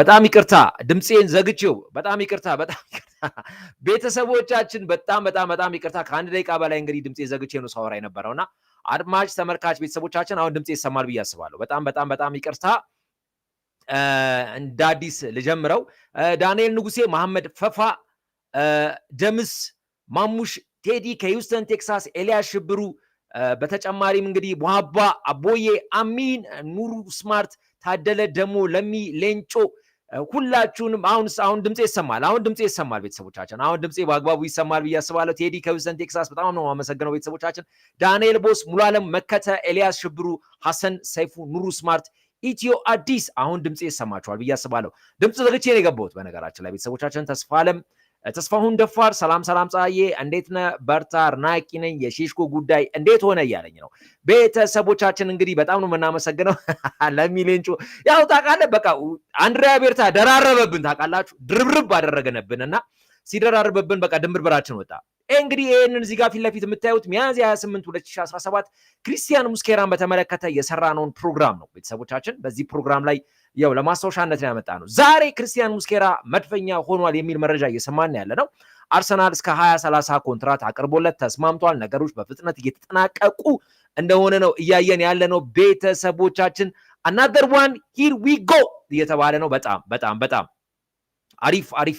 በጣም ይቅርታ ድምፄን ዘግቼው፣ በጣም ይቅርታ፣ በጣም ይቅርታ ቤተሰቦቻችን፣ በጣም በጣም በጣም ይቅርታ። ከአንድ ደቂቃ በላይ እንግዲህ ድምፄ ዘግቼ ነው ሳወራ የነበረው እና አድማጭ ተመልካች ቤተሰቦቻችን አሁን ድምፄ ይሰማል ብዬ አስባለሁ። በጣም በጣም በጣም ይቅርታ። እንደ አዲስ ልጀምረው። ዳንኤል ንጉሴ፣ መሐመድ ፈፋ፣ ደምስ ማሙሽ፣ ቴዲ ከዩስተን ቴክሳስ፣ ኤልያስ ሽብሩ፣ በተጨማሪም እንግዲህ ቧባ አቦዬ፣ አሚን ኑሩ፣ ስማርት ታደለ ደሞ፣ ለሚ ሌንጮ፣ ሁላችሁንም አሁን አሁን ድምፄ ይሰማል። አሁን ድምፄ ይሰማል። ቤተሰቦቻችን አሁን ድምፄ በአግባቡ ይሰማል ብዬ አስባለሁ። ቴዲ ከዊስተን ቴክሳስ በጣም ነው የማመሰግነው። ቤተሰቦቻችን ዳንኤል ቦስ፣ ሙሉዓለም መከተ፣ ኤልያስ ሽብሩ፣ ሐሰን ሰይፉ፣ ኑሩ ስማርት ኢትዮ አዲስ አሁን ድምፅ ይሰማችኋል ብዬ አስባለሁ። ድምፅ ዘግቼ ነው የገባሁት በነገራችን ላይ ቤተሰቦቻችን። ተስፋ አለም ተስፋሁን ደፋር ሰላም ሰላም፣ ፀሐዬ እንዴት ነ በርታ፣ አድናቂ ነኝ። የሺሽኮ ጉዳይ እንዴት ሆነ እያለኝ ነው። ቤተሰቦቻችን እንግዲህ በጣም ነው የምናመሰግነው። ለሚሌንጮ ያው ታውቃለህ፣ በቃ አንድሪያ ቤርታ ደራረበብን፣ ታውቃላችሁ፣ ድርብርብ አደረገነብን እና በቃ ድንብር ወጣ። እንግዲህ ይህንን እዚህ ጋር ፊት ለፊት የምታዩት ሚያዝያ 28 2017 ክርስቲያን ሙስኬራን በተመለከተ የሰራነውን ፕሮግራም ነው ቤተሰቦቻችን። በዚህ ፕሮግራም ላይ ያው ለማስታወሻነት ያመጣ ነው። ዛሬ ክርስቲያን ሙስኬራ መድፈኛ ሆኗል የሚል መረጃ እየሰማን ያለ ነው። አርሰናል እስከ 2030 ኮንትራት አቅርቦለት ተስማምቷል። ነገሮች በፍጥነት እየተጠናቀቁ እንደሆነ ነው እያየን ያለ ነው። ቤተሰቦቻችን አናደር ዋን ሂር ዊ ጎ እየተባለ ነው። በጣም በጣም በጣም አሪፍ አሪፍ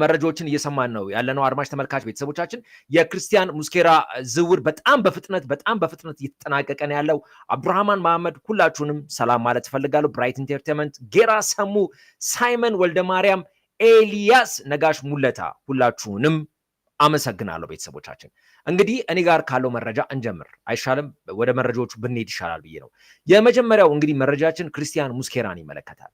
መረጃዎችን እየሰማን ነው ያለነው። አድማጭ ተመልካች ቤተሰቦቻችን የክርስቲያን ሙስኬራ ዝውውር በጣም በፍጥነት በጣም በፍጥነት እየተጠናቀቀ ነው ያለው። አብዱራህማን መሐመድ ሁላችሁንም ሰላም ማለት እፈልጋለሁ። ብራይት ኢንተርቴንመንት፣ ጌራ ሰሙ፣ ሳይመን ወልደ ማርያም፣ ኤልያስ ነጋሽ ሙለታ ሁላችሁንም አመሰግናለሁ። ቤተሰቦቻችን እንግዲህ እኔ ጋር ካለው መረጃ እንጀምር አይሻልም? ወደ መረጃዎቹ ብንሄድ ይሻላል ብዬ ነው። የመጀመሪያው እንግዲህ መረጃችን ክርስቲያን ሙስኬራን ይመለከታል።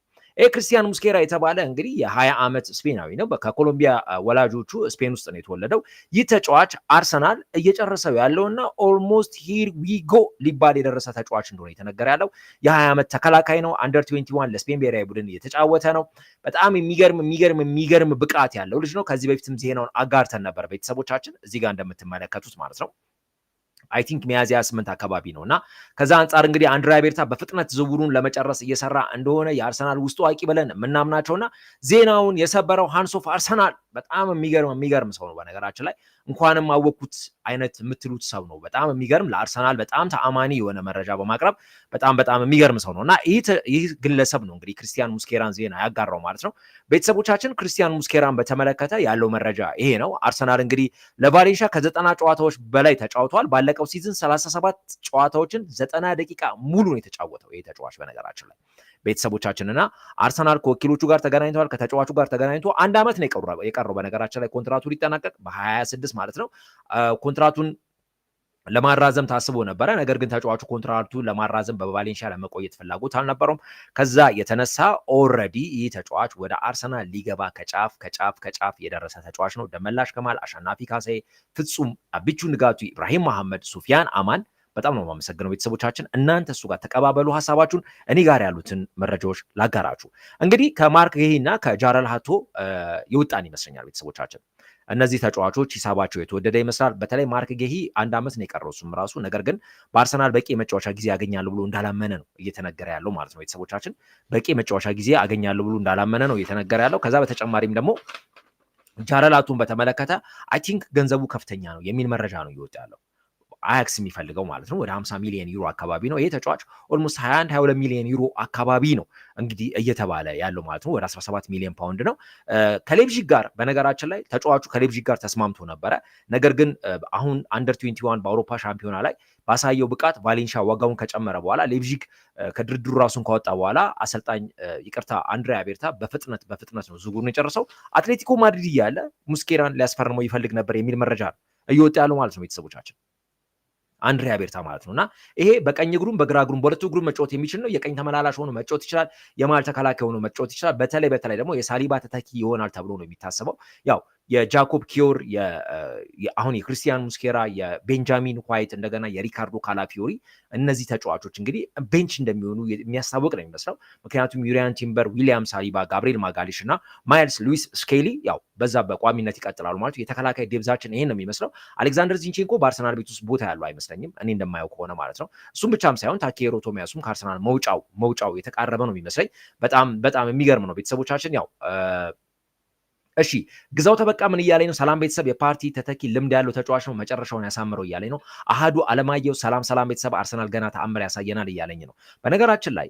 ክርስቲያን ሙስኬራ የተባለ እንግዲህ የ20 ዓመት ስፔናዊ ነው። ከኮሎምቢያ ወላጆቹ ስፔን ውስጥ ነው የተወለደው። ይህ ተጫዋች አርሰናል እየጨረሰው ያለው እና ኦልሞስት ሂር ዊጎ ሊባል የደረሰ ተጫዋች እንደሆነ የተነገረ ያለው የ20 ዓመት ተከላካይ ነው። አንደር 21 ለስፔን ብሔራዊ ቡድን እየተጫወተ ነው። በጣም የሚገርም የሚገርም የሚገርም ብቃት ያለው ልጅ ነው። ከዚህ በፊትም ዜናውን አጋርተን ነበር ቤተሰቦቻችን፣ እዚህ ጋር እንደምትመለከቱት ማለት ነው። አይ ቲንክ ሚያዝያ ስምንት አካባቢ ነው እና ከዛ አንጻር እንግዲህ አንድሪያ ቤርታ በፍጥነት ዝውውሩን ለመጨረስ እየሰራ እንደሆነ የአርሰናል ውስጡ አዋቂ ብለን የምናምናቸውና ዜናውን የሰበረው ሃንሶፍ አርሰናል በጣም የሚገርም የሚገርም ሰው ነው። በነገራችን ላይ እንኳንም አወቅኩት አይነት የምትሉት ሰው ነው። በጣም የሚገርም ለአርሰናል በጣም ተአማኒ የሆነ መረጃ በማቅረብ በጣም በጣም የሚገርም ሰው ነው እና ይህ ግለሰብ ነው እንግዲህ ክርስቲያን ሙስኬራን ዜና ያጋራው ማለት ነው። ቤተሰቦቻችን ክርስቲያን ሙስኬራን በተመለከተ ያለው መረጃ ይሄ ነው። አርሰናል እንግዲህ ለቫሌንሻ ከዘጠና ጨዋታዎች በላይ ተጫውተዋል። ባለቀው ሲዝን ሰላሳ ሰባት ጨዋታዎችን ዘጠና ደቂቃ ሙሉ ነው የተጫወተው ይህ ተጫዋች በነገራችን ላይ ቤተሰቦቻችንና አርሰናል ከወኪሎቹ ጋር ተገናኝተዋል። ከተጫዋቹ ጋር ተገናኝቶ አንድ ዓመት ነው የቀረው። በነገራችን ላይ ኮንትራቱ ሊጠናቀቅ በ26 ማለት ነው ኮንትራቱን ለማራዘም ታስቦ ነበረ። ነገር ግን ተጫዋቹ ኮንትራቱ ለማራዘም በቫሌንሺያ ለመቆየት ፍላጎት አልነበረውም። ከዛ የተነሳ ኦልሬዲ ይህ ተጫዋች ወደ አርሰናል ሊገባ ከጫፍ ከጫፍ ከጫፍ የደረሰ ተጫዋች ነው። ደመላሽ ከማል፣ አሸናፊ ካሳዬ፣ ፍጹም አብቹ፣ ንጋቱ፣ ኢብራሂም መሐመድ፣ ሱፊያን አማን በጣም ነው የማመሰግነው ቤተሰቦቻችን። እናንተ እሱ ጋር ተቀባበሉ ሀሳባችሁን። እኔ ጋር ያሉትን መረጃዎች ላጋራችሁ። እንግዲህ ከማርክ ጌሂ እና ከጃረል ይወጣን ይመስለኛል ቤተሰቦቻችን። እነዚህ ተጫዋቾች ሂሳባቸው የተወደደ ይመስላል። በተለይ ማርክ ጌሂ አንድ ዓመት ነው የቀረው እሱም ራሱ ነገር ግን በአርሰናል በቂ የመጫወቻ ጊዜ ያገኛለሁ ብሎ እንዳላመነ ነው እየተነገረ ያለው ማለት ነው ቤተሰቦቻችን። በቂ የመጫወቻ ጊዜ አገኛለሁ ብሎ እንዳላመነ ነው እየተነገረ ያለው። ከዛ በተጨማሪም ደግሞ ጃረላቱን በተመለከተ አይ ቲንክ ገንዘቡ ከፍተኛ ነው የሚል መረጃ ነው እየወጣ ያለው። አያክስ የሚፈልገው ማለት ነው። ወደ 50 ሚሊዮን ዩሮ አካባቢ ነው። ይሄ ተጫዋች ኦልሞስት 21 22 ሚሊዮን ዩሮ አካባቢ ነው እንግዲህ እየተባለ ያለው ማለት ነው። ወደ 17 ሚሊዮን ፓውንድ ነው። ከሌብዥግ ጋር በነገራችን ላይ ተጫዋቹ ከሌብዥግ ጋር ተስማምቶ ነበረ። ነገር ግን አሁን አንደር 21 በአውሮፓ ሻምፒዮና ላይ ባሳየው ብቃት ቫሌንሻ ዋጋውን ከጨመረ በኋላ ሌብዥግ ከድርድሩ ራሱን ካወጣ በኋላ አሰልጣኝ ይቅርታ አንድሪያ ቤርታ በፍጥነት በፍጥነት ነው ዝውውሩን የጨረሰው። አትሌቲኮ ማድሪድ እያለ ሙስኬራን ሊያስፈርመው ይፈልግ ነበር የሚል መረጃ ነው እየወጣ ያለው ማለት ነው ቤተሰቦቻችን አንድሪያ ቤርታ ማለት ነው እና ይሄ በቀኝ እግሩም በግራ እግሩም በሁለቱ እግሩም መጫወት የሚችል ነው። የቀኝ ተመላላሽ ሆኖ መጫወት ይችላል። የመሃል ተከላካይ ሆኖ መጫወት ይችላል። በተለይ በተለይ ደግሞ የሳሊባ ተተኪ ይሆናል ተብሎ ነው የሚታሰበው ያው የጃኮብ ኪዮር አሁን የክርስቲያን ሙስኬራ፣ የቤንጃሚን ኳይት እንደገና የሪካርዶ ካላፊዮሪ እነዚህ ተጫዋቾች እንግዲህ ቤንች እንደሚሆኑ የሚያስታወቅ ነው የሚመስለው። ምክንያቱም ዩሪያን ቲምበር፣ ዊሊያም ሳሊባ፣ ጋብሪኤል ማጋሊሽ እና ማይልስ ሉዊስ ስኬሊ ያው በዛ በቋሚነት ይቀጥላሉ ማለት የተከላካይ ዴብዛችን ይሄን ነው የሚመስለው። አሌክዛንደር ዚንቼንኮ በአርሰናል ቤት ውስጥ ቦታ ያለው አይመስለኝም እኔ እንደማየው ከሆነ ማለት ነው። እሱም ብቻም ሳይሆን ታኬሮ ቶሚያሱም ከአርሰናል መውጫው መውጫው የተቃረበ ነው የሚመስለኝ። በጣም በጣም የሚገርም ነው ቤተሰቦቻችን ያው እሺ ግዛው ተበቃ ምን እያለኝ ነው? ሰላም ቤተሰብ፣ የፓርቲ ተተኪ ልምድ ያለው ተጫዋች ነው። መጨረሻውን ያሳምረው እያለኝ ነው። አሃዱ አለማየሁ ሰላም ሰላም ቤተሰብ፣ አርሰናል ገና ተአምር ያሳየናል እያለኝ ነው። በነገራችን ላይ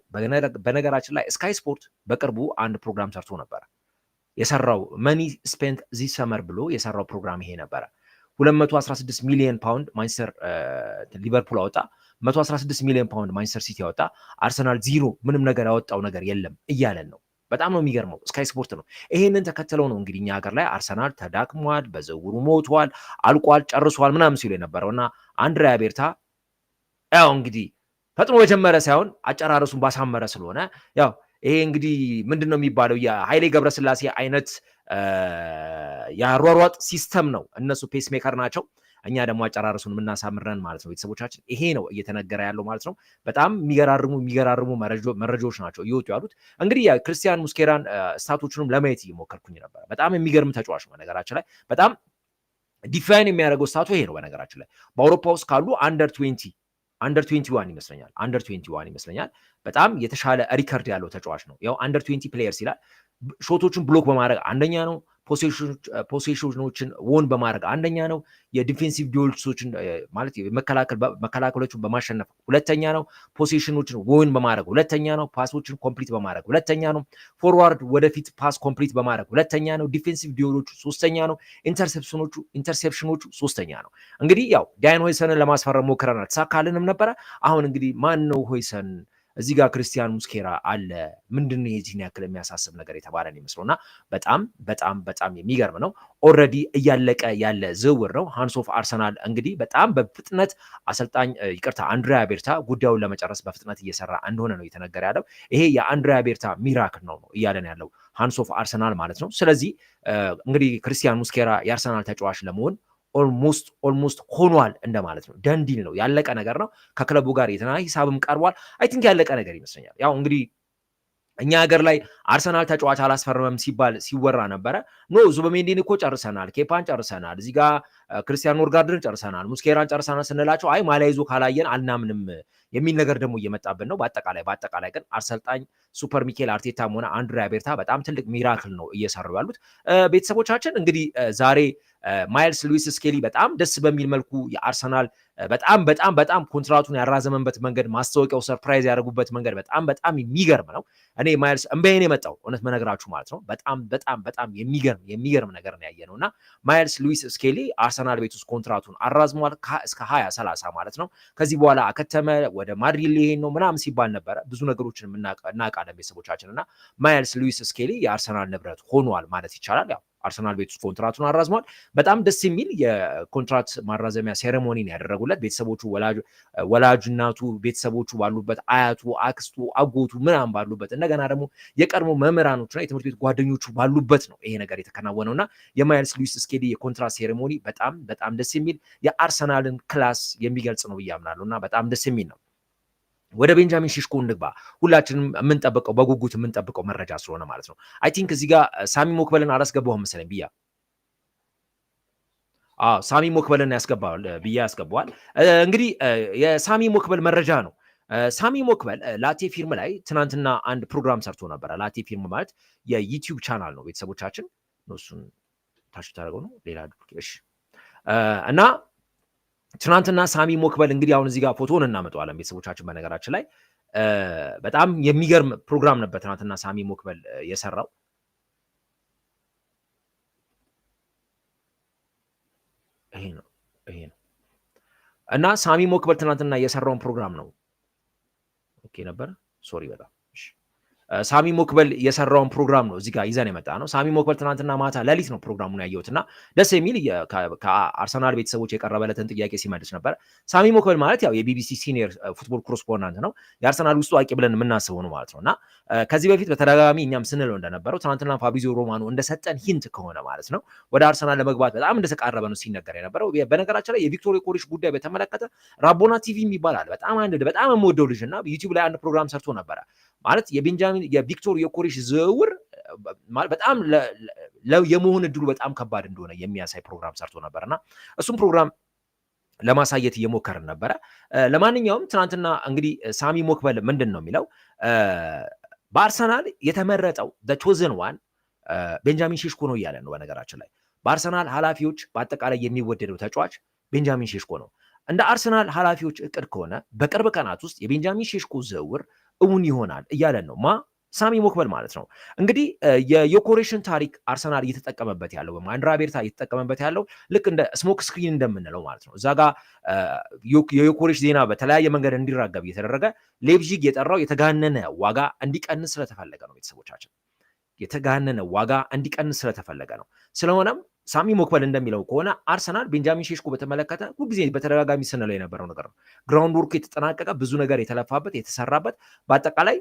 በነገራችን ላይ ስካይ ስፖርት በቅርቡ አንድ ፕሮግራም ሰርቶ ነበረ። የሰራው መኒ ስፔንት ዚ ሰመር ብሎ የሰራው ፕሮግራም ይሄ ነበረ። 216 ሚሊዮን ፓውንድ ማንቸስተር ሊቨርፑል አወጣ። 116 ሚሊዮን ፓውንድ ማንቸስተር ሲቲ አወጣ። አርሰናል ዚሮ ምንም ነገር ያወጣው ነገር የለም እያለን ነው በጣም ነው የሚገርመው። ስካይ ስፖርት ነው ይሄንን ተከትለው ነው እንግዲህ እኛ ሀገር ላይ አርሰናል ተዳክሟል፣ በዝውውሩ ሞቷል፣ አልቋል፣ ጨርሷል ምናምን ሲሉ የነበረው እና አንድሪያ ቤርታ ያው እንግዲህ ፈጥኖ የጀመረ ሳይሆን አጨራረሱን ባሳመረ ስለሆነ ያው ይሄ እንግዲህ ምንድን ነው የሚባለው የኃይሌ ገብረስላሴ አይነት የአሯሯጥ ሲስተም ነው። እነሱ ፔስሜከር ናቸው። እኛ ደግሞ አጨራረሱን የምናሳምረን ማለት ነው። ቤተሰቦቻችን ይሄ ነው እየተነገረ ያለው ማለት ነው። በጣም የሚገራርሙ የሚገራርሙ መረጃዎች ናቸው እየወጡ ያሉት። እንግዲህ ክርስቲያን ሙስኬራን ስታቶቹንም ለማየት እየሞከርኩኝ ነበረ። በጣም የሚገርም ተጫዋች ነው ነገራችን ላይ በጣም ዲፋይን የሚያደርገው ስታቱ ይሄ ነው። በነገራችን ላይ በአውሮፓ ውስጥ ካሉ አንደር ትዌንቲ አንደር ትዌንቲ ዋን ይመስለኛል አንደር ትዌንቲ ዋን ይመስለኛል በጣም የተሻለ ሪከርድ ያለው ተጫዋች ነው። ያው አንደር ትዌንቲ ፕሌየርስ ይላል። ሾቶቹን ብሎክ በማድረግ አንደኛ ነው። ፖሴሽኖችን ወን በማድረግ አንደኛ ነው። የዲፌንሲቭ ዲዎልሶችን ማለት መከላከሎችን በማሸነፍ ሁለተኛ ነው። ፖሴሽኖችን ወን በማድረግ ሁለተኛ ነው። ፓሶችን ኮምፕሊት በማድረግ ሁለተኛ ነው። ፎርዋርድ ወደፊት ፓስ ኮምፕሊት በማድረግ ሁለተኛ ነው። ዲፌንሲቭ ዲዎሎቹ ሶስተኛ ነው። ኢንተርሴፕሽኖቹ ኢንተርሴፕሽኖቹ ሶስተኛ ነው። እንግዲህ ያው ዳይን ሆይሰንን ለማስፈረም ሞክረናል፣ ተሳካልንም ነበረ። አሁን እንግዲህ ማን ነው ሆይሰን እዚህ ጋር ክርስቲያን ሙስኬራ አለ። ምንድን የዚህን ያክል የሚያሳስብ ነገር የተባለ ነው ይመስለው በጣም በጣም በጣም የሚገርም ነው። ኦልሬዲ እያለቀ ያለ ዝውውር ነው። ሃንሶፍ አርሰናል እንግዲህ በጣም በፍጥነት አሰልጣኝ ይቅርታ አንድሪያ ቤርታ ጉዳዩን ለመጨረስ በፍጥነት እየሰራ እንደሆነ ነው እየተነገረ ያለው። ይሄ የአንድሪያ ቤርታ ሚራክል ነው ነው እያለን ያለው ሃንሶፍ አርሰናል ማለት ነው። ስለዚህ እንግዲህ ክርስቲያን ሙስኬራ የአርሰናል ተጫዋች ለመሆን ኦልሞስት ኦልሞስት ሆኗል እንደማለት ነው። ደንዲል ነው ያለቀ ነገር ነው። ከክለቡ ጋር የተና ሂሳብም ቀርቧል። አይ ቲንክ ያለቀ ነገር ይመስለኛል። ያው እንግዲህ እኛ ሀገር ላይ አርሰናል ተጫዋች አላስፈርመም ሲባል ሲወራ ነበረ። ኖ ዙበሜንዲን እኮ ጨርሰናል፣ ኬፓን ጨርሰናል፣ እዚህ ጋር ክርስቲያን ኖርጋርድን ጨርሰናል፣ ሙስኬራን ጨርሰናል ስንላቸው አይ ማሊያ ይዞ ካላየን አናምንም የሚል ነገር ደግሞ እየመጣብን ነው። በአጠቃላይ በአጠቃላይ ግን አሰልጣኝ ሱፐር ሚኬል አርቴታም ሆነ አንድሪያ ቤርታ በጣም ትልቅ ሚራክል ነው እየሰሩ ያሉት። ቤተሰቦቻችን እንግዲህ ዛሬ ማይልስ ሉዊስ ስኬሊ በጣም ደስ በሚል መልኩ የአርሰናል በጣም በጣም በጣም ኮንትራቱን ያራዘመበት መንገድ ማስታወቂያው ሰርፕራይዝ ያደረጉበት መንገድ በጣም በጣም የሚገርም ነው። እኔ ማይልስ እምበይን የመጣው እውነት መነግራችሁ ማለት ነው። በጣም በጣም በጣም የሚገርም የሚገርም ነገር ነው ያየ ነው እና ማይልስ ሉዊስ ስኬሊ አርሰናል ቤት ውስጥ ኮንትራቱን አራዝሟል እስከ ሀያ ሰላሳ ማለት ነው። ከዚህ በኋላ አከተመ ወደ ማድሪድ ሊሄድ ነው ምናምን ሲባል ነበረ። ብዙ ነገሮችን እናቃለን ቤተሰቦቻችን እና ማይልስ ሉዊስ ስኬሊ የአርሰናል ንብረት ሆኗል ማለት ይቻላል ያው አርሰናል ቤት ውስጥ ኮንትራቱን አራዝሟል። በጣም ደስ የሚል የኮንትራት ማራዘሚያ ሴሬሞኒን ያደረጉለት ቤተሰቦቹ፣ ወላጅናቱ ቤተሰቦቹ ባሉበት አያቱ፣ አክስቱ፣ አጎቱ ምናምን ባሉበት እንደገና ደግሞ የቀድሞ መምህራኖችና የትምህርት ቤት ጓደኞቹ ባሉበት ነው ይሄ ነገር የተከናወነው እና የማይልስ ሉዊስ ስኬሊ የኮንትራት ሴሬሞኒ በጣም በጣም ደስ የሚል የአርሰናልን ክላስ የሚገልጽ ነው ብዬ አምናለሁ እና በጣም ደስ የሚል ነው። ወደ ቤንጃሚን ሺሽኮ እንግባ። ሁላችንም የምንጠብቀው በጉጉት የምንጠብቀው መረጃ ስለሆነ ማለት ነው። አይ ቲንክ እዚህ ጋር ሳሚ ሞክበልን አላስገባው መሰለኝ ብያ ሳሚ ሞክበልን ያስገባዋል ብያ ያስገባዋል። እንግዲህ የሳሚ ሞክበል መረጃ ነው። ሳሚ ሞክበል ላቴ ፊርም ላይ ትናንትና አንድ ፕሮግራም ሰርቶ ነበረ። ላቴ ፊርም ማለት የዩቲዩብ ቻናል ነው ቤተሰቦቻችን። እሱን ታች ታደርገው ነው ሌላ እና ትናንትና ሳሚ ሞክበል እንግዲህ አሁን እዚህ ጋር ፎቶን እናመጣዋለን ቤተሰቦቻችን። በነገራችን ላይ በጣም የሚገርም ፕሮግራም ነበር ትናንትና ሳሚ ሞክበል የሰራው። ይሄ ነው ይሄ ነው እና ሳሚ ሞክበል ትናንትና የሰራውን ፕሮግራም ነው። ኦኬ ነበር። ሶሪ በጣም ሳሚ ሞክበል የሰራውን ፕሮግራም ነው እዚጋ ይዘን የመጣ ነው። ሳሚ ሞክበል ትናንትና ማታ ሌሊት ነው ፕሮግራሙን ያየሁት እና ደስ የሚል ከአርሰናል ቤተሰቦች የቀረበለትን ጥያቄ ሲመልስ ነበር። ሳሚ ሞክበል ማለት ያው የቢቢሲ ሲኒየር ፉትቦል ኮረስፖንዳንት ነው። የአርሰናል ውስጥ አዋቂ ብለን የምናስበው ነው ማለት ነው እና ከዚህ በፊት በተደጋጋሚ እኛም ስንለው እንደነበረው ትናንትና ፋብሪዚዮ ሮማኖ እንደሰጠን ሂንት ከሆነ ማለት ነው ወደ አርሰናል ለመግባት በጣም እንደተቃረበ ነው ሲነገር የነበረው። በነገራችን ላይ የቪክቶሪ ኮሪሽ ጉዳይ በተመለከተ ራቦና ቲቪ የሚባል አለ። በጣም አንድ በጣም የምወደው ልጅ እና ዩቲዩብ ላይ አንድ ፕሮግራም ሰርቶ ነበረ ማለት የቤንጃሚን የቪክቶር የኮሬሽ ዝውውር በጣም የመሆን እድሉ በጣም ከባድ እንደሆነ የሚያሳይ ፕሮግራም ሰርቶ ነበር እና እሱም ፕሮግራም ለማሳየት እየሞከርን ነበረ። ለማንኛውም ትናንትና እንግዲህ ሳሚ ሞክበል ምንድን ነው የሚለው በአርሰናል የተመረጠው ቾዘን ዋን ቤንጃሚን ሼሽኮ ነው እያለ ነው። በነገራችን ላይ በአርሰናል ኃላፊዎች በአጠቃላይ የሚወደደው ተጫዋች ቤንጃሚን ሼሽኮ ነው። እንደ አርሰናል ኃላፊዎች እቅድ ከሆነ በቅርብ ቀናት ውስጥ የቤንጃሚን ሼሽኮ ዝውውር እውን ይሆናል እያለን ነው ማ ሳሚ ሞክበል ማለት ነው። እንግዲህ የዮኮሬሽን ታሪክ አርሰናል እየተጠቀመበት ያለው ወይም አንድራ ቤርታ እየተጠቀመበት ያለው ልክ እንደ ስሞክ ስክሪን እንደምንለው ማለት ነው። እዛ ጋ የዮኮሬሽ ዜና በተለያየ መንገድ እንዲራገብ እየተደረገ ሌብዥግ የጠራው የተጋነነ ዋጋ እንዲቀንስ ስለተፈለገ ነው ቤተሰቦቻችን የተጋነነ ዋጋ እንዲቀንስ ስለተፈለገ ነው። ስለሆነም ሳሚ ሞክበል እንደሚለው ከሆነ አርሰናል ቤንጃሚን ሼሽኮ በተመለከተ ሁልጊዜ በተደጋጋሚ ስንለው የነበረው ነገር ነው። ግራውንድ ወርኩ የተጠናቀቀ ብዙ ነገር የተለፋበት የተሰራበት በአጠቃላይ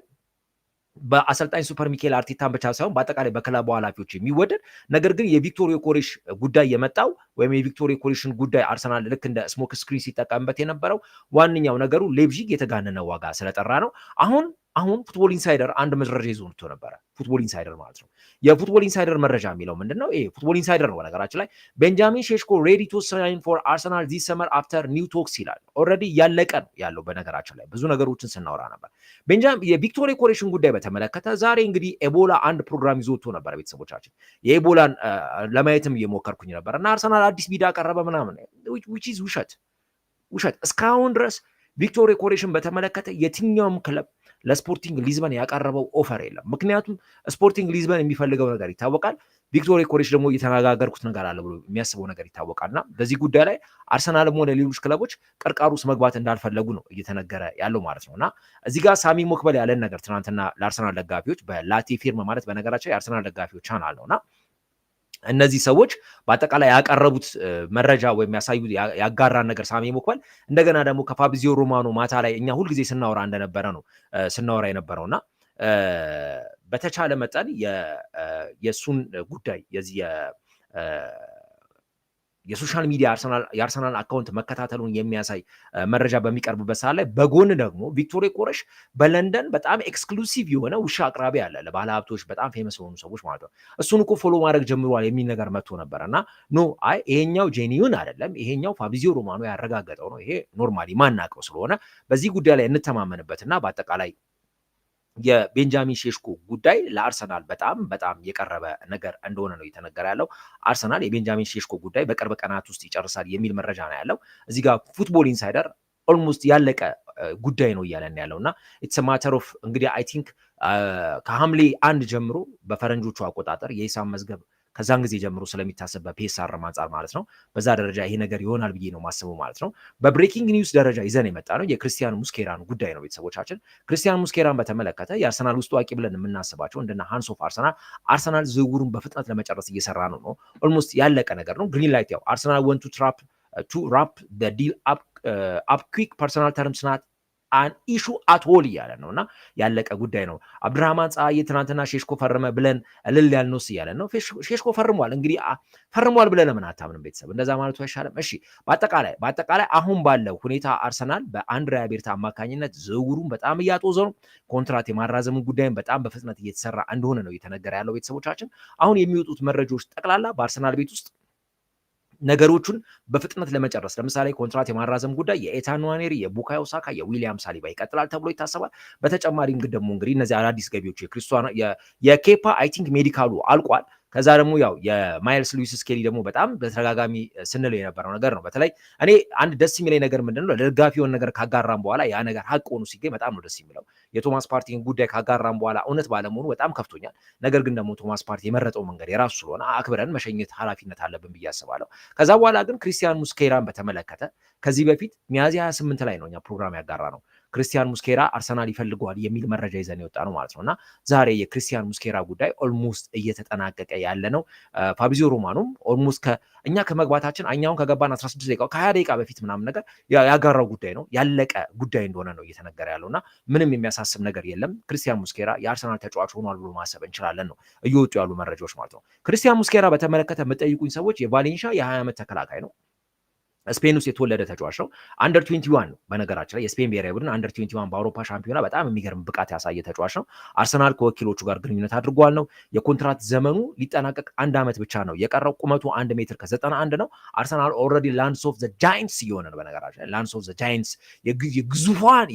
በአሰልጣኝ ሱፐር ሚካኤል አርቴታን ብቻ ሳይሆን በአጠቃላይ በክለቡ ኃላፊዎች የሚወደድ ነገር ግን የቪክቶር ኮሬሽ ጉዳይ የመጣው ወይም የቪክቶር ኮሬሽን ጉዳይ አርሰናል ልክ እንደ ስሞክ ስክሪን ሲጠቀምበት የነበረው ዋነኛው ነገሩ ሌብዥግ የተጋነነ ዋጋ ስለጠራ ነው። አሁን አሁን ፉትቦል ኢንሳይደር አንድ መረጃ ይዞ ወጥቶ ነበረ። ፉትቦል ኢንሳይደር ማለት ነው። የፉትቦል ኢንሳይደር መረጃ የሚለው ምንድን ነው? ይሄ ፉትቦል ኢንሳይደር ነው። በነገራችን ላይ ቤንጃሚን ሼሽኮ ሬዲ ቱ ሳይን ፎር አርሰናል ዚስ ሰመር አፍተር ኒው ቶክስ ይላል። ኦልሬዲ ያለቀ ነው ያለው። በነገራችን ላይ ብዙ ነገሮችን ስናወራ ነበር። የቪክቶሪ ኮሬሽን ጉዳይ በተመለከተ ዛሬ እንግዲህ ኤቦላ አንድ ፕሮግራም ይዞ ወጥቶ ነበረ። ቤተሰቦቻችን የኤቦላን ለማየትም እየሞከርኩኝ ነበር እና አርሰናል አዲስ ቢዳ ቀረበ ምናምን ውሸት ውሸት። እስካሁን ድረስ ቪክቶሪ ኮሬሽን በተመለከተ የትኛውም ክለብ ለስፖርቲንግ ሊዝበን ያቀረበው ኦፈር የለም። ምክንያቱም ስፖርቲንግ ሊዝበን የሚፈልገው ነገር ይታወቃል። ቪክቶሪ ኮሬጅ ደግሞ እየተነጋገርኩት ነገር አለ ብሎ የሚያስበው ነገር ይታወቃል። እና በዚህ ጉዳይ ላይ አርሰናልም ሆነ ሌሎች ክለቦች ቅርቃር ውስጥ መግባት እንዳልፈለጉ ነው እየተነገረ ያለው ማለት ነው። እና እዚህ ጋር ሳሚ ሞክበል ያለን ነገር ትናንትና ለአርሰናል ደጋፊዎች በላቴ ፊርም ማለት በነገራቸው የአርሰናል ደጋፊዎች ቻናል ነው እና እነዚህ ሰዎች በአጠቃላይ ያቀረቡት መረጃ ወይም ያሳዩ ያጋራን ነገር ሳሚ ሞክበል እንደገና ደግሞ ከፋብዚዮ ሮማኖ ማታ ላይ እኛ ሁልጊዜ ስናወራ እንደነበረ ነው ስናወራ የነበረው እና በተቻለ መጠን የእሱን ጉዳይ የዚህ የሶሻል ሚዲያ የአርሰናል አካውንት መከታተሉን የሚያሳይ መረጃ በሚቀርብበት ሰዓት ላይ በጎን ደግሞ ቪክቶሪ ኮረሽ በለንደን በጣም ኤክስክሉሲቭ የሆነ ውሻ አቅራቢ አለ ለባለ ሀብቶች በጣም ፌመስ የሆኑ ሰዎች ማለት ነው። እሱን እኮ ፎሎ ማድረግ ጀምሯል የሚል ነገር መጥቶ ነበረ እና ኖ አይ ይሄኛው ጄኒዩን አይደለም፣ ይሄኛው ፋብሪዚዮ ሮማኖ ያረጋገጠው ነው። ይሄ ኖርማሊ ማናውቀው ስለሆነ በዚህ ጉዳይ ላይ እና በአጠቃላይ የቤንጃሚን ሼሽኮ ጉዳይ ለአርሰናል በጣም በጣም የቀረበ ነገር እንደሆነ ነው የተነገረ ያለው። አርሰናል የቤንጃሚን ሼሽኮ ጉዳይ በቅርብ ቀናት ውስጥ ይጨርሳል የሚል መረጃ ነው ያለው። እዚህ ጋር ፉትቦል ኢንሳይደር ኦልሞስት ያለቀ ጉዳይ ነው እያለን ያለው እና ኢትስ ማተር ኦፍ እንግዲህ አይ ቲንክ ከሐምሌ አንድ ጀምሮ በፈረንጆቹ አቆጣጠር የሂሳብ መዝገብ ከዛን ጊዜ ጀምሮ ስለሚታሰብ በፔሳር አንጻር ማለት ነው። በዛ ደረጃ ይሄ ነገር ይሆናል ብዬ ነው ማስበው ማለት ነው። በብሬኪንግ ኒውስ ደረጃ ይዘን የመጣ ነው የክርስቲያን ሙስኬራን ጉዳይ ነው። ቤተሰቦቻችን ክርስቲያን ሙስኬራን በተመለከተ የአርሰናል ውስጥ ዋቂ ብለን የምናስባቸው እንደና ሃንስ ኦፍ አርሰናል አርሰናል ዝውውሩን በፍጥነት ለመጨረስ እየሰራ ነው ነው ኦልሞስት ያለቀ ነገር ነው። ግሪን ላይት ያው አርሰናል ወንቱ ትራፕ ቱ ራፕ ዲል አፕ ኩክ ፐርሰናል ተርምስ ናት አን ኢሹ አትሆል እያለ ነው እና ያለቀ ጉዳይ ነው። አብድራህማን ፀሐዬ ትናንትና ሼሽኮ ፈረመ ብለን እልል ያልነውስ እያለ ነው። ሼሽኮ ፈርሟል። እንግዲህ ፈርሟል ብለን ለምን አታምንም? ቤተሰብ እንደዛ ማለቱ አይሻልም? እሺ፣ በአጠቃላይ በአጠቃላይ አሁን ባለው ሁኔታ አርሰናል በአንድሪያ ቤርታ አማካኝነት ዝውውሩን በጣም እያጦዘ ነው። ኮንትራት የማራዘሙ ጉዳይም በጣም በፍጥነት እየተሰራ እንደሆነ ነው እየተነገረ ያለው። ቤተሰቦቻችን አሁን የሚወጡት መረጃዎች ጠቅላላ በአርሰናል ቤት ውስጥ ነገሮቹን በፍጥነት ለመጨረስ ለምሳሌ ኮንትራት የማራዘም ጉዳይ የኤታን ዋኔሪ፣ የቡካዮ ሳካ፣ የዊሊያም ሳሊባ ይቀጥላል ተብሎ ይታሰባል። በተጨማሪ ደግሞ እንግዲህ እነዚህ አዳዲስ ገቢዎች የኬፓ አይ ቲንክ ሜዲካሉ አልቋል። ከዛ ደግሞ ያው የማይልስ ሉዊስ ስኬሊ ደግሞ በጣም በተደጋጋሚ ስንለው የነበረው ነገር ነው። በተለይ እኔ አንድ ደስ የሚለኝ ነገር ምንድነው ለደጋፊ የሆነ ነገር ካጋራም በኋላ ያ ነገር ሀቅ ሆኖ ሲገኝ በጣም ነው ደስ የሚለው። የቶማስ ፓርቲን ጉዳይ ካጋራም በኋላ እውነት ባለመሆኑ በጣም ከፍቶኛል። ነገር ግን ደግሞ ቶማስ ፓርቲ የመረጠው መንገድ የራሱ ስለሆነ አክብረን መሸኘት ኃላፊነት አለብን ብዬ አስባለሁ። ከዛ በኋላ ግን ክሪስቲያን ሙስኬራን በተመለከተ ከዚህ በፊት ሚያዝያ 28 ላይ ነው እኛ ፕሮግራም ያጋራ ነው ክርስቲያን ሙስኬራ አርሰናል ይፈልገዋል የሚል መረጃ ይዘን የወጣ ነው ማለት ነው እና ዛሬ የክርስቲያን ሙስኬራ ጉዳይ ኦልሞስት እየተጠናቀቀ ያለ ነው። ፋቢዚዮ ሮማኑም ኦልሞስት እኛ ከመግባታችን እኛውን ከገባን 16 ደቂቃ ከ20 ደቂቃ በፊት ምናምን ነገር ያጋራው ጉዳይ ነው ያለቀ ጉዳይ እንደሆነ ነው እየተነገረ ያለው እና ምንም የሚያሳስብ ነገር የለም። ክርስቲያን ሙስኬራ የአርሰናል ተጫዋች ሆኗል ብሎ ማሰብ እንችላለን ነው እየወጡ ያሉ መረጃዎች ማለት ነው። ክርስቲያን ሙስኬራ በተመለከተ የምጠይቁኝ ሰዎች የቫሌንሻ የ20 ዓመት ተከላካይ ነው። ስፔን ውስጥ የተወለደ ተጫዋች ነው። አንደር 21 ነው። በነገራችን ላይ የስፔን ብሔራዊ ቡድን አንደር 21 በአውሮፓ ሻምፒዮና በጣም የሚገርም ብቃት ያሳየ ተጫዋች ነው። አርሰናል ከወኪሎቹ ጋር ግንኙነት አድርጓል ነው። የኮንትራት ዘመኑ ሊጠናቀቅ አንድ ዓመት ብቻ ነው የቀረው። ቁመቱ አንድ ሜትር ከ91 ነው። አርሰናል ኦልሬዲ ላንድስ ኦፍ ዘ ጃይንትስ እየሆነ ነው። በነገራችን ላይ ላንድስ ኦፍ ዘ ጃይንትስ የግዙፋን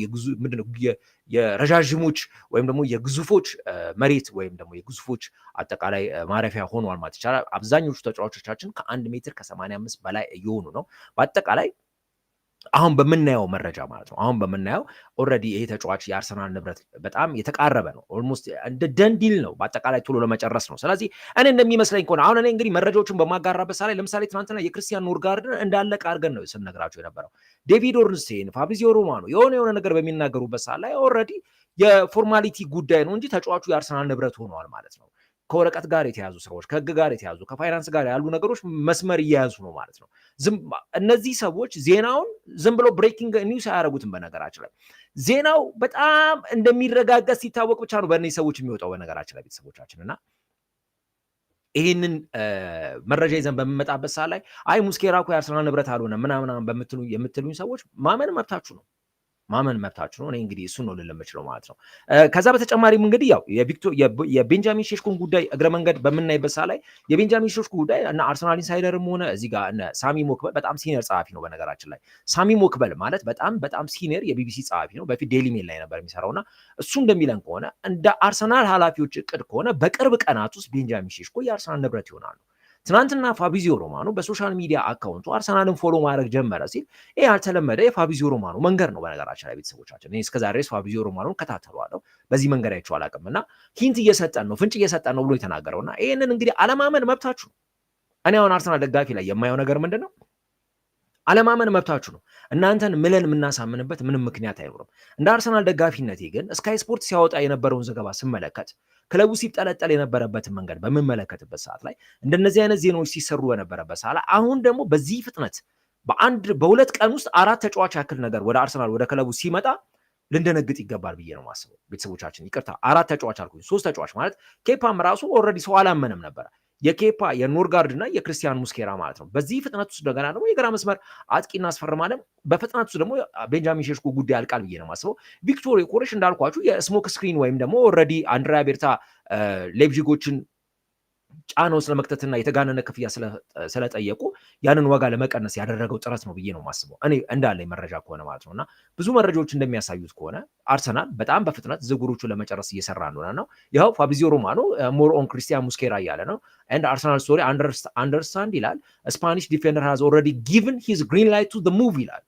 የረዣዥሞች ወይም ደግሞ የግዙፎች መሬት ወይም ደግሞ የግዙፎች አጠቃላይ ማረፊያ ሆኗል ማለት ይቻላል። አብዛኞቹ ተጫዋቾቻችን ከአንድ ሜትር ከ85 በላይ እየሆኑ ነው። በአጠቃላይ አሁን በምናየው መረጃ ማለት ነው። አሁን በምናየው ኦልሬዲ ይሄ ተጫዋች የአርሰናል ንብረት በጣም የተቃረበ ነው። ኦልሞስት እንደ ደንዲል ነው፣ በአጠቃላይ ቶሎ ለመጨረስ ነው። ስለዚህ እኔ እንደሚመስለኝ ከሆነ አሁን እኔ እንግዲህ መረጃዎችን በማጋራበት ላይ ለምሳሌ ትናንትና የክርስቲያን ኖርጋርድን እንዳለቀ አድርገን ነው ስንነግራቸው የነበረው። ዴቪድ ኦርንስቴን፣ ፋብሪዚዮ ሮማኖ የሆነ የሆነ ነገር በሚናገሩበት ሰዓት ላይ ኦልሬዲ የፎርማሊቲ ጉዳይ ነው እንጂ ተጫዋቹ የአርሰናል ንብረት ሆነዋል ማለት ነው። ከወረቀት ጋር የተያዙ ስራዎች፣ ከህግ ጋር የተያዙ ከፋይናንስ ጋር ያሉ ነገሮች መስመር እየያዙ ነው ማለት ነው። እነዚህ ሰዎች ዜናውን ዝም ብሎ ብሬኪንግ ኒውስ አያደርጉትም። በነገራችን ላይ ዜናው በጣም እንደሚረጋገጥ ሲታወቅ ብቻ ነው በእነዚህ ሰዎች የሚወጣው። በነገራችን ላይ ቤተሰቦቻችን እና ይህንን መረጃ ይዘን በምመጣበት ሰዓት ላይ አይ ሙስኬራ እኮ የአርሰናል ንብረት አልሆነ ምናምናም በምትሉ የምትሉኝ ሰዎች ማመን መብታችሁ ነው። ማመን መብታችሁ ነው። እኔ እንግዲህ እሱን ነው ልል የምችለው ማለት ነው። ከዛ በተጨማሪም እንግዲህ ያው የቤንጃሚን ሼሽኮን ጉዳይ እግረ መንገድ በምናይበት ሳ ላይ የቤንጃሚን ሼሽኮ ጉዳይ እና አርሰናል ኢንሳይደርም ሆነ እዚህ ጋር እነ ሳሚ ሞክበል በጣም ሲኒየር ጸሐፊ ነው። በነገራችን ላይ ሳሚ ሞክበል ማለት በጣም በጣም ሲኒየር የቢቢሲ ጸሐፊ ነው። በፊት ዴሊ ሜል ላይ ነበር የሚሰራው እና እሱ እንደሚለን ከሆነ እንደ አርሰናል ኃላፊዎች እቅድ ከሆነ በቅርብ ቀናት ውስጥ ቤንጃሚን ሼሽኮ የአርሰናል ንብረት ይሆናሉ። ትናንትና ፋቢዚዮ ሮማኖ በሶሻል ሚዲያ አካውንቱ አርሰናልን ፎሎ ማድረግ ጀመረ ሲል ይህ ያልተለመደ የፋቢዚዮ ሮማኖ መንገድ ነው። በነገራችን ላይ ቤተሰቦቻችን እኔ እስከዛሬ ድረስ ፋቢዚዮ ሮማኖን ከታተሏለሁ። በዚህ መንገድ አይቼው አላውቅም እና ሂንት እየሰጠን ነው፣ ፍንጭ እየሰጠን ነው ብሎ የተናገረው እና ይህንን እንግዲህ አለማመን መብታችሁ ነው። እኔ አሁን አርሰናል ደጋፊ ላይ የማየው ነገር ምንድን ነው? አለማመን መብታችሁ ነው። እናንተን ምለን የምናሳምንበት ምንም ምክንያት አይኖርም። እንደ አርሰናል ደጋፊነቴ ግን ስካይ ስፖርት ሲያወጣ የነበረውን ዘገባ ስመለከት ክለቡ ሲጠለጠል የነበረበትን መንገድ በምመለከትበት ሰዓት ላይ እንደነዚህ አይነት ዜናዎች ሲሰሩ በነበረበት ሰዓት ላይ አሁን ደግሞ በዚህ ፍጥነት በአንድ በሁለት ቀን ውስጥ አራት ተጫዋች ያክል ነገር ወደ አርሰናል ወደ ክለቡ ሲመጣ ልንደነግጥ ይገባል ብዬ ነው ማስበው። ቤተሰቦቻችን ይቅርታ፣ አራት ተጫዋች አልኩኝ። ሶስት ተጫዋች ማለት ኬፓም ራሱ ኦልሬዲ ሰው አላመነም ነበረ። የኬፓ የኖርጋርድ እና የክርስቲያን ሙስኬራ ማለት ነው። በዚህ ፍጥነት ውስጥ እንደገና ደግሞ የግራ መስመር አጥቂ እናስፈርማለን። በፍጥነት ውስጥ ደግሞ ቤንጃሚን ሼሽኮ ጉዳይ ያልቃል ብዬ ነው የማስበው። ቪክቶር ኮሬሽ እንዳልኳችሁ የስሞክ ስክሪን ወይም ደግሞ ኦልሬዲ አንድሪያ ቤርታ ሌብዚጎችን ጫናውን ስለመክተትና የተጋነነ ክፍያ ስለጠየቁ ያንን ዋጋ ለመቀነስ ያደረገው ጥረት ነው ብዬ ነው የማስበው እኔ እንዳለ መረጃ ከሆነ ማለት ነው። እና ብዙ መረጃዎች እንደሚያሳዩት ከሆነ አርሰናል በጣም በፍጥነት ዝውውሮቹን ለመጨረስ እየሰራ እንደሆነ ነው። ይኸው ፋብሪዚዮ ሮማኖ ሞርኦን ክሪስቲያን ሙስኬራ እያለ ነው። ኤንድ አርሰናል ስቶሪ አንደርስታንድ ይላል ስፓኒሽ ዲፌንደር ሃዝ ኦልሬዲ ጊቭን ሂዝ ግሪን ላይት ቱ ዘ ሙቭ ይላል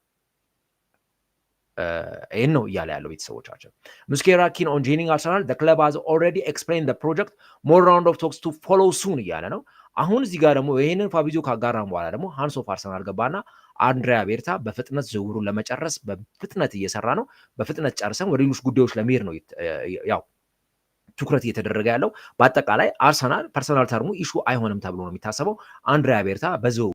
Uh, ይህን ነው እያለ ያለው ቤተሰቦቻችን። ሙስኬራ ኪን ኦን ጆይኒንግ አርሰናል ዘ ክለብ ሃዝ ኦልሬዲ ኤክስፕሌን ዘ ፕሮጀክት ሞር ራውንድ ኦፍ ቶክስ ቱ ፎሎው ሱን እያለ ነው። አሁን እዚህ ጋር ደግሞ ይህንን ፋብሪዚዮ ካጋራም በኋላ ደግሞ ሃንስ ኦፍ አርሰናል ገባና አንድሪያ ቤርታ በፍጥነት ዝውውሩን ለመጨረስ በፍጥነት እየሰራ ነው። በፍጥነት ጨርሰን ወደ ሌሎች ጉዳዮች ለመሄድ ነው ያው ትኩረት እየተደረገ ያለው። በአጠቃላይ አርሰናል ፐርሰናል ተርሙ ኢሹ አይሆንም ተብሎ ነው የሚታሰበው። አንድሪያ ቤርታ በዝውውሩ